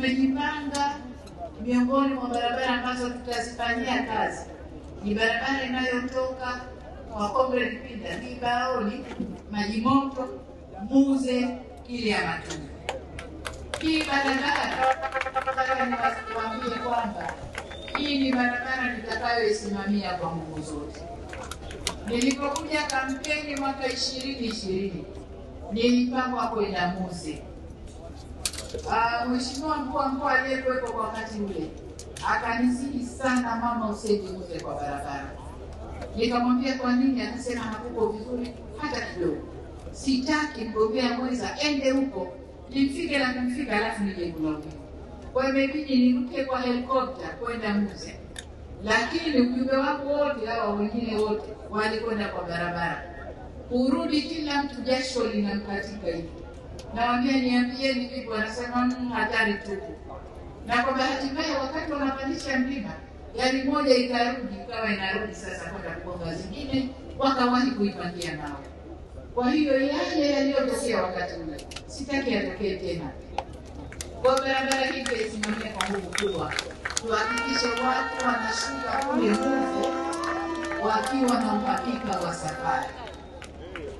Tumejipanga, miongoni mwa barabara ambazo tutazifanyia kazi ni barabara inayotoka kwa Comrade Pinda hii Majimoto, Muze, ile ya Matunda. Hii barabara niwaambie kwamba hii ni barabara nitakayoisimamia kwa nguvu zote. Nilipokuja kampeni mwaka ishirini ishirini nilipangwa kwenda Muze Uh, Mheshimiwa mkuu wa mkoa aliyekuwepo kwa wakati ule akanisihi sana, mama, usijeuze kwa barabara. Nikamwambia kwa nini? Akasema hakuko vizuri hata kidogo. Sitaki mgombea mwenza ende huko nimfike na kumfika, alafu nije kulaumiwa. Kwa hiyo imebidi niruke kwa helikopta kwenda Muse, lakini ujumbe wako wote hawa wengine wote walikwenda kwa barabara, kurudi kila mtu jasho linamkatika hivi niambie niambieni vipi? Wanasema hatari tu Na kwa bahati mbaya, wakati wanapandisha mlima, gari moja ikarudi, ikawa inarudi sasa kwenda kugonga zingine, wakawahi kuipangia nao. Kwa hiyo yale yaliyotokea wakati ule sitaki yatokee tena. Kwa barabara hii isimamia kwa nguvu kubwa, tuhakikishe watu wanashuka kule huku wakiwa na uhakika wa